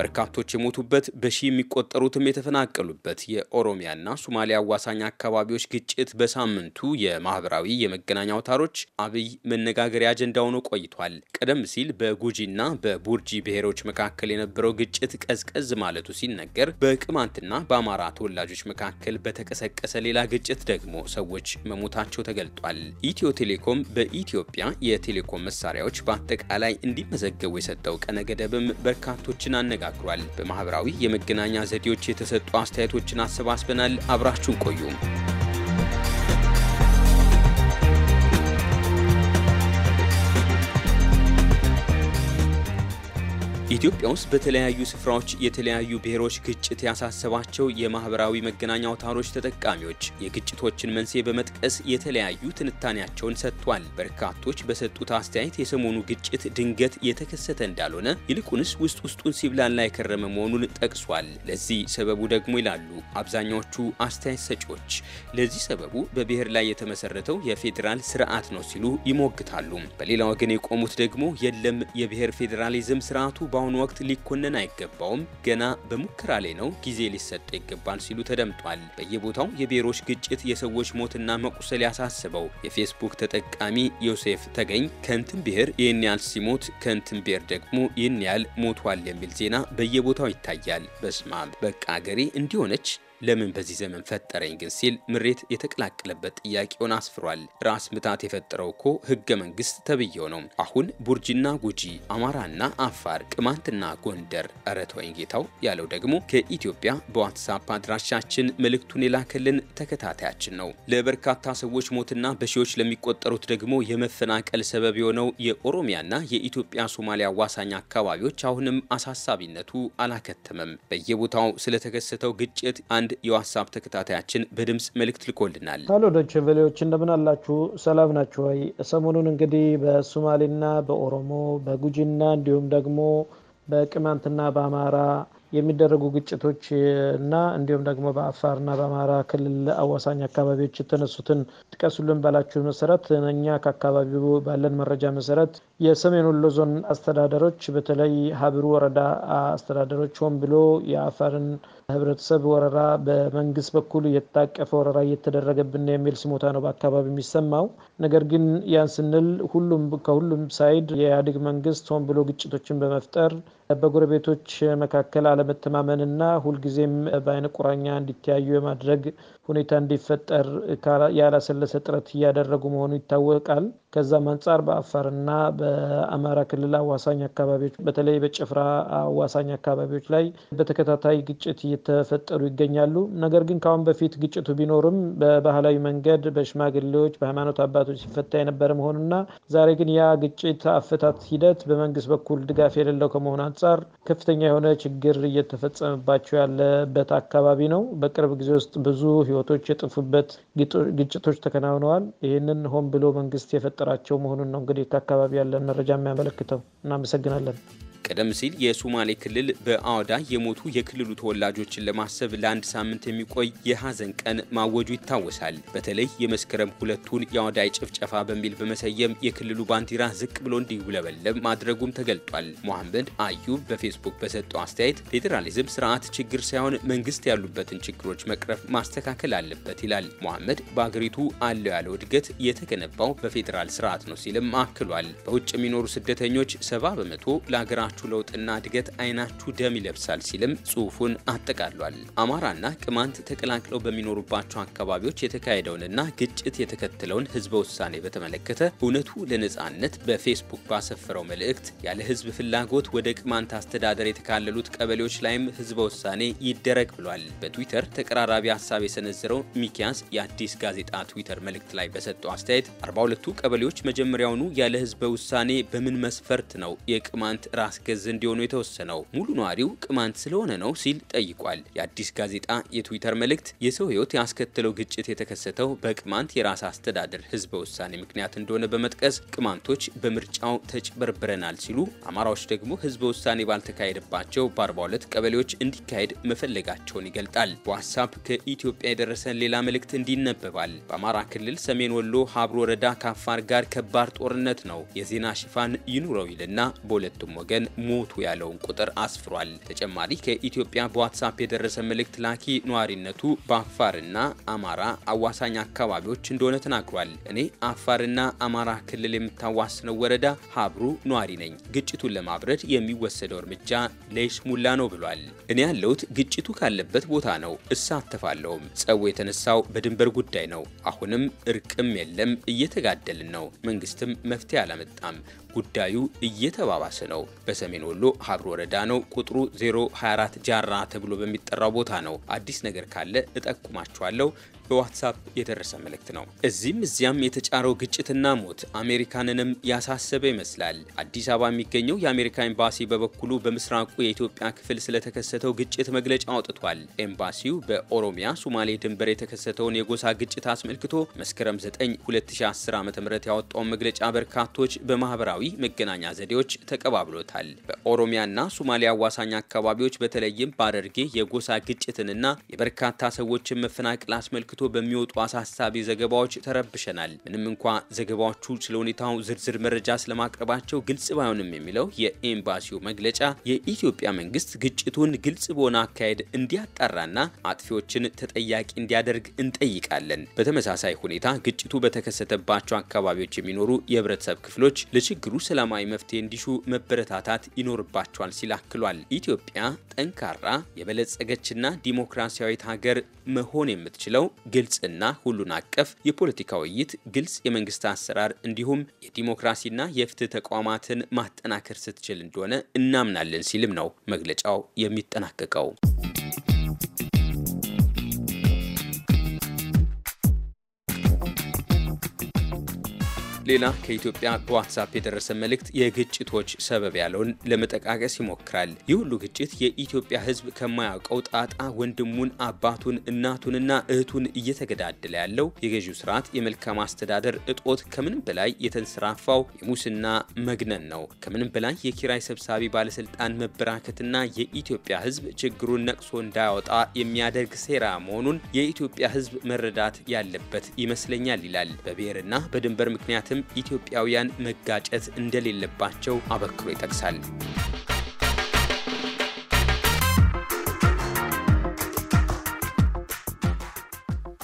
በርካቶች የሞቱበት በሺ የሚቆጠሩትም የተፈናቀሉበት የኦሮሚያና ሶማሊያ አዋሳኝ አካባቢዎች ግጭት በሳምንቱ የማህበራዊ የመገናኛ አውታሮች አብይ መነጋገሪያ አጀንዳ ሆኖ ቆይቷል። ቀደም ሲል በጉጂና በቡርጂ ብሔሮች መካከል የነበረው ግጭት ቀዝቀዝ ማለቱ ሲነገር፣ በቅማንትና በአማራ ተወላጆች መካከል በተቀሰቀሰ ሌላ ግጭት ደግሞ ሰዎች መሞታቸው ተገልጧል። ኢትዮ ቴሌኮም በኢትዮጵያ የቴሌኮም መሳሪያዎች በአጠቃላይ እንዲመዘገቡ የሰጠው ቀነ ገደብም በርካቶችን አነጋግ ተሻግሯል። በማህበራዊ የመገናኛ ዘዴዎች የተሰጡ አስተያየቶችን አሰባስበናል። አብራችሁን ቆዩም ኢትዮጵያ ውስጥ በተለያዩ ስፍራዎች የተለያዩ ብሔሮች ግጭት ያሳሰባቸው የማህበራዊ መገናኛ አውታሮች ተጠቃሚዎች የግጭቶችን መንስኤ በመጥቀስ የተለያዩ ትንታኔያቸውን ሰጥቷል። በርካቶች በሰጡት አስተያየት የሰሞኑ ግጭት ድንገት የተከሰተ እንዳልሆነ ይልቁንስ ውስጥ ውስጡን ሲብላላ የከረመ መሆኑን ጠቅሷል። ለዚህ ሰበቡ ደግሞ ይላሉ አብዛኛዎቹ አስተያየት ሰጪዎች፣ ለዚህ ሰበቡ በብሔር ላይ የተመሰረተው የፌዴራል ስርዓት ነው ሲሉ ይሞግታሉ። በሌላ ወገን የቆሙት ደግሞ የለም የብሔር ፌዴራሊዝም ስርዓቱ በአሁኑ ወቅት ሊኮነን አይገባውም፣ ገና በሙከራ ላይ ነው፣ ጊዜ ሊሰጠው ይገባል ሲሉ ተደምጧል። በየቦታው የብሔሮች ግጭት፣ የሰዎች ሞትና መቁሰል ያሳስበው የፌስቡክ ተጠቃሚ ዮሴፍ ተገኝ ከንትን ብሔር ይህን ያህል ሲሞት ከንትን ብሔር ደግሞ ይህን ያህል ሞቷል የሚል ዜና በየቦታው ይታያል። በስማም በቃ አገሬ እንዲሆነች ለምን በዚህ ዘመን ፈጠረኝ ግን ሲል ምሬት የተቀላቀለበት ጥያቄውን አስፍሯል። ራስ ምታት የፈጠረው እኮ ህገ መንግስት ተብዬው ነው። አሁን ቡርጂና ጉጂ፣ አማራና አፋር፣ ቅማንትና ጎንደር እረተወኝ ጌታው ያለው ደግሞ ከኢትዮጵያ በዋትሳፕ አድራሻችን መልእክቱን የላከልን ተከታታያችን ነው። ለበርካታ ሰዎች ሞትና በሺዎች ለሚቆጠሩት ደግሞ የመፈናቀል ሰበብ የሆነው የኦሮሚያና የኢትዮጵያ ሶማሊያ አዋሳኝ አካባቢዎች አሁንም አሳሳቢነቱ አላከተመም። በየቦታው ስለተከሰተው ግጭት አንድ አንድ የዋትሳፕ ተከታታያችን በድምፅ መልእክት ልኮልናል። ሀሎ ዶች ቬሌዎች እንደምን አላችሁ? ሰላም ናችሁ ወይ? ሰሞኑን እንግዲህ በሶማሌና በኦሮሞ በጉጂና እንዲሁም ደግሞ በቅማንትና በአማራ የሚደረጉ ግጭቶች እና እንዲሁም ደግሞ በአፋርና በአማራ ክልል አዋሳኝ አካባቢዎች የተነሱትን ጥቀሱልን ባላችሁ መሰረት እኛ ከአካባቢው ባለን መረጃ መሰረት የሰሜን ወሎ ዞን አስተዳደሮች በተለይ ሀብሩ ወረዳ አስተዳደሮች ሆን ብሎ የአፋርን ህብረተሰብ ወረራ በመንግስት በኩል የታቀፈ ወረራ እየተደረገብን የሚል ስሞታ ነው በአካባቢ የሚሰማው። ነገር ግን ያን ስንል ሁሉም ከሁሉም ሳይድ የኢህአዴግ መንግስት ሆን ብሎ ግጭቶችን በመፍጠር በጎረቤቶች መካከል አለመተማመንና ሁልጊዜም በአይነ ቁራኛ እንዲተያዩ የማድረግ ሁኔታ እንዲፈጠር ያላሰለሰ ጥረት እያደረጉ መሆኑ ይታወቃል። ከዛም አንጻር በአፋርና በአማራ ክልል አዋሳኝ አካባቢዎች በተለይ በጭፍራ አዋሳኝ አካባቢዎች ላይ በተከታታይ ግጭት እየተፈጠሩ ይገኛሉ። ነገር ግን ከአሁን በፊት ግጭቱ ቢኖርም በባህላዊ መንገድ በሽማግሌዎች፣ በሃይማኖት አባቶች ሲፈታ የነበረ መሆኑና ዛሬ ግን ያ ግጭት አፈታት ሂደት በመንግስት በኩል ድጋፍ የሌለው ከመሆኑ አንጻር ከፍተኛ የሆነ ችግር እየተፈጸመባቸው ያለበት አካባቢ ነው። በቅርብ ጊዜ ውስጥ ብዙ ህይወቶች የጠፉበት ግጭቶች ተከናውነዋል። ይህንን ሆን ብሎ መንግስት የፈጠራቸው መሆኑን ነው እንግዲህ ከአካባቢ ያለን መረጃ የሚያመለክተው። እናመሰግናለን። ቀደም ሲል የሱማሌ ክልል በአወዳ የሞቱ የክልሉ ተወላጆችን ለማሰብ ለአንድ ሳምንት የሚቆይ የሐዘን ቀን ማወጁ ይታወሳል። በተለይ የመስከረም ሁለቱን የአዋዳ ጭፍጨፋ በሚል በመሰየም የክልሉ ባንዲራ ዝቅ ብሎ እንዲውለበለብ ማድረጉም ተገልጧል። ሞሐመድ አዩብ በፌስቡክ በሰጠው አስተያየት ፌዴራሊዝም ስርዓት ችግር ሳይሆን መንግስት ያሉበትን ችግሮች መቅረፍ ማስተካከል አለበት ይላል። ሞሐመድ በአገሪቱ አለው ያለው እድገት የተገነባው በፌዴራል ስርዓት ነው ሲልም አክሏል። በውጭ የሚኖሩ ስደተኞች ሰባ በመቶ ለሀገራ በሀገራችሁ ለውጥና እድገት አይናችሁ ደም ይለብሳል ሲልም ጽሁፉን አጠቃሏል። አማራና ቅማንት ተቀላቅለው በሚኖሩባቸው አካባቢዎች የተካሄደውንና ግጭት የተከተለውን ህዝበ ውሳኔ በተመለከተ እውነቱ ለነጻነት በፌስቡክ ባሰፈረው መልእክት ያለ ህዝብ ፍላጎት ወደ ቅማንት አስተዳደር የተካለሉት ቀበሌዎች ላይም ህዝበ ውሳኔ ይደረግ ብሏል። በትዊተር ተቀራራቢ ሀሳብ የሰነዘረው ሚኪያስ የአዲስ ጋዜጣ ትዊተር መልእክት ላይ በሰጠው አስተያየት 42ቱ ቀበሌዎች መጀመሪያውኑ ያለ ህዝበ ውሳኔ በምን መስፈርት ነው የቅማንት ራስ ገዝ እንዲሆኑ የተወሰነው ሙሉ ነዋሪው ቅማንት ስለሆነ ነው ሲል ጠይቋል። የአዲስ ጋዜጣ የትዊተር መልእክት የሰው ሕይወት ያስከተለው ግጭት የተከሰተው በቅማንት የራስ አስተዳደር ህዝበ ውሳኔ ምክንያት እንደሆነ በመጥቀስ ቅማንቶች በምርጫው ተጭበርብረናል ሲሉ፣ አማራዎች ደግሞ ህዝበ ውሳኔ ባልተካሄደባቸው በ42 ቀበሌዎች እንዲካሄድ መፈለጋቸውን ይገልጣል። በዋትሳፕ ከኢትዮጵያ የደረሰን ሌላ መልእክት እንዲነበባል። በአማራ ክልል ሰሜን ወሎ ሀብሮ ወረዳ ከአፋር ጋር ከባድ ጦርነት ነው። የዜና ሽፋን ይኑረው ይልና በሁለቱም ወገን ሞቱ ያለውን ቁጥር አስፍሯል። ተጨማሪ ከኢትዮጵያ በዋትሳፕ የደረሰ መልእክት ላኪ ነዋሪነቱ በአፋርና አማራ አዋሳኝ አካባቢዎች እንደሆነ ተናግሯል። እኔ አፋርና አማራ ክልል የምታዋስነው ወረዳ ሀብሩ ነዋሪ ነኝ። ግጭቱን ለማብረድ የሚወሰደው እርምጃ ለይስሙላ ነው ብሏል። እኔ ያለሁት ግጭቱ ካለበት ቦታ ነው፣ እሳተፋለሁም። ጸቡ የተነሳው በድንበር ጉዳይ ነው። አሁንም እርቅም የለም፣ እየተጋደልን ነው። መንግስትም መፍትሄ አላመጣም። ጉዳዩ እየተባባሰ ነው። በሰሜን ወሎ ሀብሮ ወረዳ ነው። ቁጥሩ 024 ጃራ ተብሎ በሚጠራው ቦታ ነው። አዲስ ነገር ካለ እጠቁማችኋለሁ። በዋትሳፕ የደረሰ መልእክት ነው። እዚህም እዚያም የተጫረው ግጭትና ሞት አሜሪካንንም ያሳሰበ ይመስላል። አዲስ አበባ የሚገኘው የአሜሪካ ኤምባሲ በበኩሉ በምስራቁ የኢትዮጵያ ክፍል ስለተከሰተው ግጭት መግለጫ አውጥቷል። ኤምባሲው በኦሮሚያ ሱማሌ ድንበር የተከሰተውን የጎሳ ግጭት አስመልክቶ መስከረም 9 2010 ዓ ም ያወጣውን መግለጫ በርካቶች በማህበራዊ መገናኛ ዘዴዎች ተቀባብሎታል። በኦሮሚያና ሱማሌ አዋሳኝ አካባቢዎች በተለይም በአደርጌ የጎሳ ግጭትንና የበርካታ ሰዎችን መፈናቀል አስመልክቶ አስመልክቶ በሚወጡ አሳሳቢ ዘገባዎች ተረብሸናል። ምንም እንኳ ዘገባዎቹ ስለ ሁኔታው ዝርዝር መረጃ ስለማቅረባቸው ግልጽ ባይሆንም የሚለው የኤምባሲው መግለጫ የኢትዮጵያ መንግስት ግጭቱን ግልጽ በሆነ አካሄድ እንዲያጣራና አጥፊዎችን ተጠያቂ እንዲያደርግ እንጠይቃለን። በተመሳሳይ ሁኔታ ግጭቱ በተከሰተባቸው አካባቢዎች የሚኖሩ የህብረተሰብ ክፍሎች ለችግሩ ሰላማዊ መፍትሄ እንዲሹ መበረታታት ይኖርባቸዋል ሲል አክሏል። ኢትዮጵያ ጠንካራ የበለጸገችና ዲሞክራሲያዊት ሀገር መሆን የምትችለው ግልጽና ሁሉን አቀፍ የፖለቲካ ውይይት፣ ግልጽ የመንግስት አሰራር እንዲሁም የዲሞክራሲና የፍትህ ተቋማትን ማጠናከር ስትችል እንደሆነ እናምናለን ሲልም ነው መግለጫው የሚጠናቀቀው። ሌላ ከኢትዮጵያ በዋትሳፕ የደረሰ መልእክት የግጭቶች ሰበብ ያለውን ለመጠቃቀስ ይሞክራል። ይህ ሁሉ ግጭት የኢትዮጵያ ሕዝብ ከማያውቀው ጣጣ ወንድሙን፣ አባቱን፣ እናቱንና እህቱን እየተገዳደለ ያለው የገዢው ስርዓት የመልካም አስተዳደር እጦት፣ ከምንም በላይ የተንሰራፋው የሙስና መግነን ነው። ከምንም በላይ የኪራይ ሰብሳቢ ባለስልጣን መበራከትና የኢትዮጵያ ሕዝብ ችግሩን ነቅሶ እንዳያወጣ የሚያደርግ ሴራ መሆኑን የኢትዮጵያ ሕዝብ መረዳት ያለበት ይመስለኛል ይላል። በብሔርና በድንበር ምክንያትም ኢትዮጵያውያን መጋጨት እንደሌለባቸው አበክሮ ይጠቅሳል።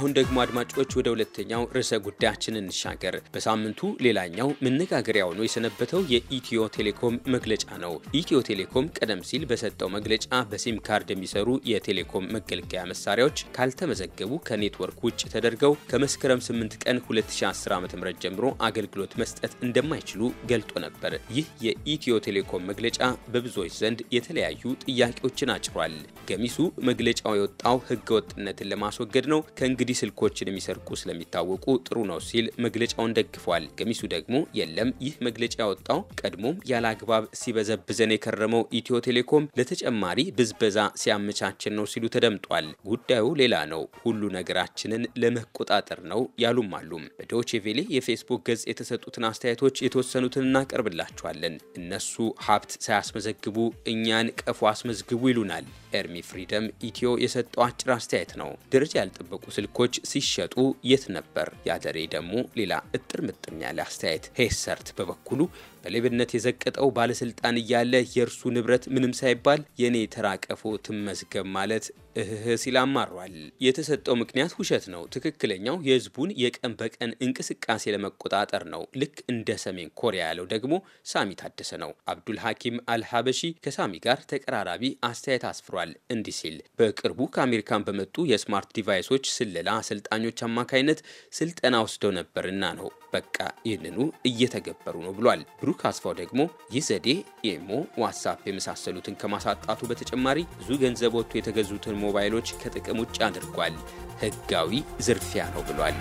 አሁን ደግሞ አድማጮች ወደ ሁለተኛው ርዕሰ ጉዳያችን እንሻገር። በሳምንቱ ሌላኛው መነጋገሪያ ሆኖ የሰነበተው የኢትዮ ቴሌኮም መግለጫ ነው። ኢትዮ ቴሌኮም ቀደም ሲል በሰጠው መግለጫ በሲም ካርድ የሚሰሩ የቴሌኮም መገልገያ መሳሪያዎች ካልተመዘገቡ ከኔትወርክ ውጭ ተደርገው ከመስከረም 8 ቀን 2010 ዓ.ም ጀምሮ አገልግሎት መስጠት እንደማይችሉ ገልጦ ነበር። ይህ የኢትዮ ቴሌኮም መግለጫ በብዙዎች ዘንድ የተለያዩ ጥያቄዎችን አጭሯል። ገሚሱ መግለጫው የወጣው ህገወጥነትን ለማስወገድ ነው ከእንግዲህ የኦኤልኢዲ ስልኮችን የሚሰርቁ ስለሚታወቁ ጥሩ ነው ሲል መግለጫውን ደግፏል። ገሚሱ ደግሞ የለም ይህ መግለጫ ያወጣው ቀድሞም ያለ አግባብ ሲበዘብዘን የከረመው ኢትዮ ቴሌኮም ለተጨማሪ ብዝበዛ ሲያመቻችን ነው ሲሉ ተደምጧል። ጉዳዩ ሌላ ነው፣ ሁሉ ነገራችንን ለመቆጣጠር ነው ያሉም አሉም። በዶቼ ቬሌ የፌስቡክ ገጽ የተሰጡትን አስተያየቶች የተወሰኑትን እናቀርብላቸዋለን። እነሱ ሀብት ሳያስመዘግቡ እኛን ቀፎ አስመዝግቡ ይሉናል። ኤርሚ ፍሪደም ኢትዮ የሰጠው አጭር አስተያየት ነው። ደረጃ ያልጠበቁ ስልኮች ሲሸጡ የት ነበር? የአደሬ ደግሞ ሌላ እጥር ምጥም ያለ አስተያየት ሄሰርት በበኩሉ በሌብነት የዘቀጠው ባለስልጣን እያለ የእርሱ ንብረት ምንም ሳይባል የኔ ተራቀፎ ትመዝገብ ማለት እህህ ሲል አማሯል። የተሰጠው ምክንያት ውሸት ነው። ትክክለኛው የህዝቡን የቀን በቀን እንቅስቃሴ ለመቆጣጠር ነው። ልክ እንደ ሰሜን ኮሪያ ያለው ደግሞ ሳሚ ታደሰ ነው። አብዱል ሐኪም አልሀበሺ ከሳሚ ጋር ተቀራራቢ አስተያየት አስፍሯል እንዲህ ሲል በቅርቡ ከአሜሪካን በመጡ የስማርት ዲቫይሶች ስለላ አሰልጣኞች አማካይነት ስልጠና ወስደው ነበርና ነው። በቃ ይህንኑ እየተገበሩ ነው ብሏል። ብሩክ አስፋው ደግሞ ይህ ዘዴ ኢሞ፣ ዋትሳፕ የመሳሰሉትን ከማሳጣቱ በተጨማሪ ብዙ ገንዘብ ወጥቶ የተገዙትን ሞባይሎች ከጥቅም ውጭ አድርጓል፣ ህጋዊ ዝርፊያ ነው ብሏል።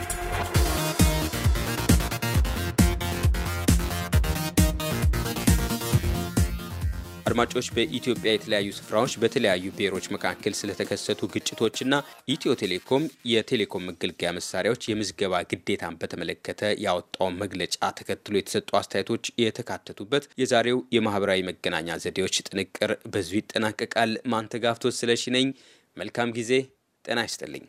አድማጮች በኢትዮጵያ የተለያዩ ስፍራዎች በተለያዩ ብሔሮች መካከል ስለተከሰቱ ግጭቶችና ኢትዮ ቴሌኮም የቴሌኮም መገልገያ መሳሪያዎች የምዝገባ ግዴታን በተመለከተ ያወጣው መግለጫ ተከትሎ የተሰጡ አስተያየቶች የተካተቱበት የዛሬው የማህበራዊ መገናኛ ዘዴዎች ጥንቅር በዙ ይጠናቀቃል። ማንተጋፍቶ ስለሺ ነኝ። መልካም ጊዜ። ጤና ይስጥልኝ።